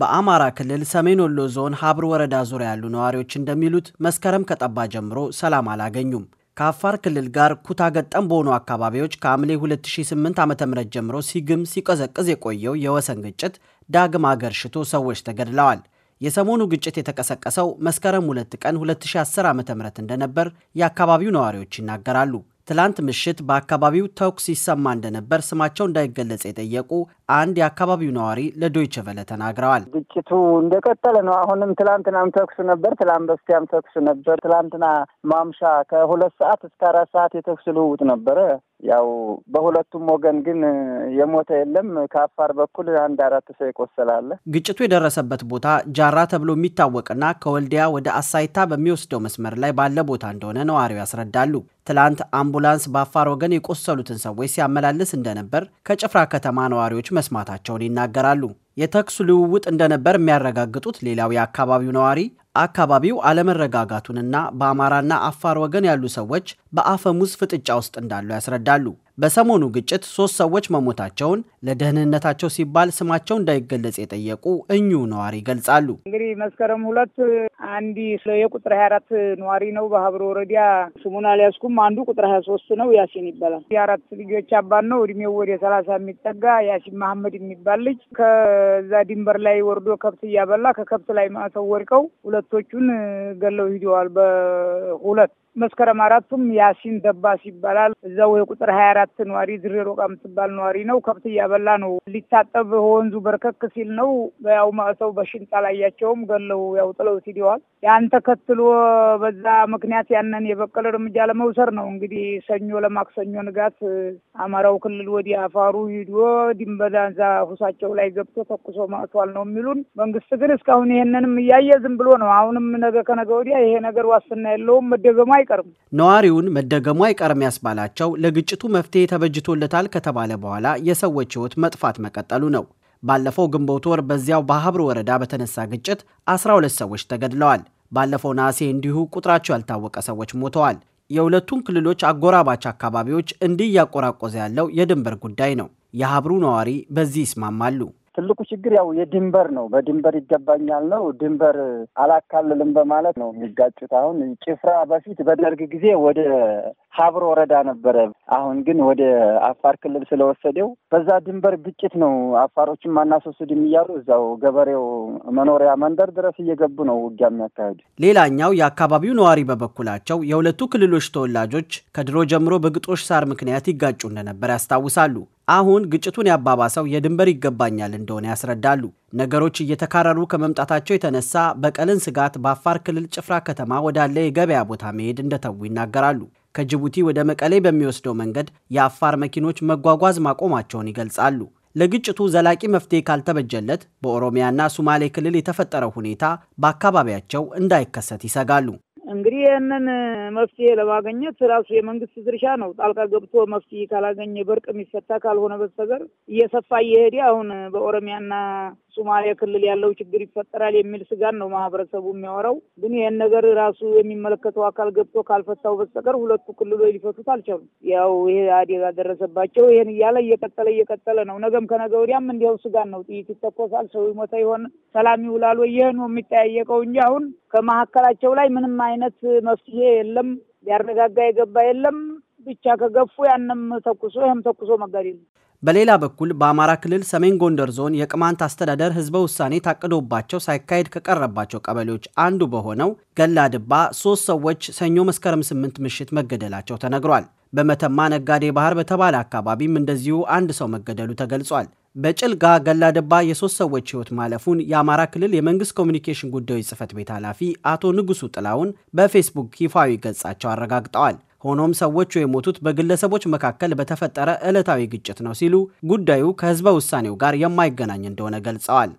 በአማራ ክልል ሰሜን ወሎ ዞን ሀብር ወረዳ ዙሪያ ያሉ ነዋሪዎች እንደሚሉት መስከረም ከጠባ ጀምሮ ሰላም አላገኙም። ከአፋር ክልል ጋር ኩታ ገጠም በሆኑ አካባቢዎች ከሐምሌ 2008 ዓ ም ጀምሮ ሲግም ሲቀዘቅዝ የቆየው የወሰን ግጭት ዳግም ሽቶ ሰዎች ተገድለዋል። የሰሞኑ ግጭት የተቀሰቀሰው መስከረም 2 ቀን 2010 ዓ ም እንደነበር የአካባቢው ነዋሪዎች ይናገራሉ። ትላንት ምሽት በአካባቢው ተኩስ ይሰማ እንደነበር ስማቸው እንዳይገለጽ የጠየቁ አንድ የአካባቢው ነዋሪ ለዶይቸ ቨለ ተናግረዋል። ግጭቱ እንደቀጠለ ነው። አሁንም ትላንትናም ተኩስ ነበር፣ ትላንት በስቲያም ተኩስ ነበር። ትላንትና ማምሻ ከሁለት ሰዓት እስከ አራት ሰዓት የተኩስ ልውውጥ ነበረ። ያው በሁለቱም ወገን ግን የሞተ የለም። ከአፋር በኩል አንድ አራት ሰው ይቆስላለ። ግጭቱ የደረሰበት ቦታ ጃራ ተብሎ የሚታወቅና ከወልዲያ ወደ አሳይታ በሚወስደው መስመር ላይ ባለ ቦታ እንደሆነ ነዋሪው ያስረዳሉ። ትላንት አምቡላንስ በአፋር ወገን የቆሰሉትን ሰዎች ሲያመላልስ እንደነበር ከጭፍራ ከተማ ነዋሪዎች መስማታቸውን ይናገራሉ። የተኩስ ልውውጥ እንደነበር የሚያረጋግጡት ሌላው የአካባቢው ነዋሪ አካባቢው አለመረጋጋቱንና በአማራና አፋር ወገን ያሉ ሰዎች በአፈሙዝ ፍጥጫ ውስጥ እንዳሉ ያስረዳሉ። በሰሞኑ ግጭት ሶስት ሰዎች መሞታቸውን ለደህንነታቸው ሲባል ስማቸው እንዳይገለጽ የጠየቁ እኙ ነዋሪ ይገልጻሉ። እንግዲህ መስከረም ሁለት አንድ የቁጥር ሀያ አራት ነዋሪ ነው በሀብሮ ወረዳ ስሙን አልያዝኩም። አንዱ ቁጥር ሀያ ሶስት ነው ያሲን ይባላል። የአራት ልጆች አባት ነው እድሜው ወደ ሰላሳ የሚጠጋ ያሲን መሀመድ የሚባል ልጅ ከዛ ድንበር ላይ ወርዶ ከብት እያበላ ከከብት ላይ ማተው ወድቀው ሁለቶቹን ገለው ሂደዋል። በሁለት መስከረም አራቱም ያሲን ደባስ ይባላል። እዛው የቁጥር ሀያ አራት ነዋሪ ድሬ ሮቃ የምትባል ነዋሪ ነው። ከብት እያበላ ነው ሊታጠብ ወንዙ በርከክ ሲል ነው ያው መእተው በሽንጣ ላያቸውም ገለው ያው ጥለው ሲዲዋል ያን ተከትሎ በዛ ምክንያት ያንን የበቀል እርምጃ ለመውሰድ ነው እንግዲህ ሰኞ ለማክሰኞ ንጋት አማራው ክልል ወዲህ አፋሩ ሂዶ ድንበዳንዛ ሁሳቸው ላይ ገብቶ ተኩሶ ማቷል ነው የሚሉን። መንግስት ግን እስካሁን ይሄንንም እያየ ዝም ብሎ ነው። አሁንም ነገ ከነገ ወዲያ ይሄ ነገር ዋስትና የለውም መደገማ አይቀርም። ነዋሪውን መደገሙ አይቀርም ያስባላቸው ለግጭቱ መፍትሄ ተበጅቶለታል ከተባለ በኋላ የሰዎች ሕይወት መጥፋት መቀጠሉ ነው። ባለፈው ግንቦት ወር በዚያው በሀብር ወረዳ በተነሳ ግጭት 12 ሰዎች ተገድለዋል። ባለፈው ነሐሴ እንዲሁ ቁጥራቸው ያልታወቀ ሰዎች ሞተዋል። የሁለቱን ክልሎች አጎራባች አካባቢዎች እንዲህ እያቆራቆዘ ያለው የድንበር ጉዳይ ነው። የሀብሩ ነዋሪ በዚህ ይስማማሉ። ትልቁ ችግር ያው የድንበር ነው። በድንበር ይገባኛል ነው ድንበር አላካልልም በማለት ነው የሚጋጩት። አሁን ጭፍራ በፊት በደርግ ጊዜ ወደ ሀብሮ ወረዳ ነበረ። አሁን ግን ወደ አፋር ክልል ስለወሰደው በዛ ድንበር ግጭት ነው አፋሮችን ማናስወስድም እያሉ እዛው ገበሬው መኖሪያ መንደር ድረስ እየገቡ ነው ውጊያ የሚያካሂዱ። ሌላኛው የአካባቢው ነዋሪ በበኩላቸው የሁለቱ ክልሎች ተወላጆች ከድሮ ጀምሮ በግጦሽ ሳር ምክንያት ይጋጩ እንደነበር ያስታውሳሉ። አሁን ግጭቱን ያባባሰው የድንበር ይገባኛል እንደሆነ ያስረዳሉ። ነገሮች እየተካረሩ ከመምጣታቸው የተነሳ በቀልን ስጋት በአፋር ክልል ጭፍራ ከተማ ወዳለ የገበያ ቦታ መሄድ እንደተዉ ይናገራሉ። ከጅቡቲ ወደ መቀሌ በሚወስደው መንገድ የአፋር መኪኖች መጓጓዝ ማቆማቸውን ይገልጻሉ። ለግጭቱ ዘላቂ መፍትሄ ካልተበጀለት በኦሮሚያና ሱማሌ ክልል የተፈጠረው ሁኔታ በአካባቢያቸው እንዳይከሰት ይሰጋሉ። እንግዲህ ይህንን መፍትሄ ለማገኘት ራሱ የመንግስት ድርሻ ነው። ጣልቃ ገብቶ መፍትሄ ካላገኘ በርቅ የሚፈታ ካልሆነ በስተቀር እየሰፋ እየሄደ አሁን በኦሮሚያና ሶማሌ ክልል ያለው ችግር ይፈጠራል የሚል ስጋን ነው ማህበረሰቡ የሚያወራው። ግን ይህን ነገር ራሱ የሚመለከተው አካል ገብቶ ካልፈታው በስተቀር ሁለቱ ክልሎች ሊፈቱት አልቻሉም። ያው ይሄ አደጋ ደረሰባቸው። ይህን እያለ እየቀጠለ እየቀጠለ ነው። ነገም ከነገ ወዲያም እንዲያው ስጋን ነው። ጥይት ይተኮሳል፣ ሰው ይሞተ ይሆን፣ ሰላም ይውላሉ። ይህን ነው የሚጠያየቀው እንጂ አሁን ከመካከላቸው ላይ ምንም አይነት አይነት መፍትሄ የለም። ሊያረጋጋ የገባ የለም። ብቻ ከገፉ ያንም ተኩሶ ይህም ተኩሶ መጋድ ነው። በሌላ በኩል በአማራ ክልል ሰሜን ጎንደር ዞን የቅማንት አስተዳደር ህዝበ ውሳኔ ታቅዶባቸው ሳይካሄድ ከቀረባቸው ቀበሌዎች አንዱ በሆነው ገላ ድባ ሶስት ሰዎች ሰኞ መስከረም ስምንት ምሽት መገደላቸው ተነግሯል። በመተማ ነጋዴ ባህር በተባለ አካባቢም እንደዚሁ አንድ ሰው መገደሉ ተገልጿል። በጭልጋ ገላደባ የሶስት ሰዎች ህይወት ማለፉን የአማራ ክልል የመንግስት ኮሚኒኬሽን ጉዳዮች ጽህፈት ቤት ኃላፊ አቶ ንጉሱ ጥላውን በፌስቡክ ይፋዊ ገጻቸው አረጋግጠዋል። ሆኖም ሰዎቹ የሞቱት በግለሰቦች መካከል በተፈጠረ ዕለታዊ ግጭት ነው ሲሉ ጉዳዩ ከህዝበ ውሳኔው ጋር የማይገናኝ እንደሆነ ገልጸዋል።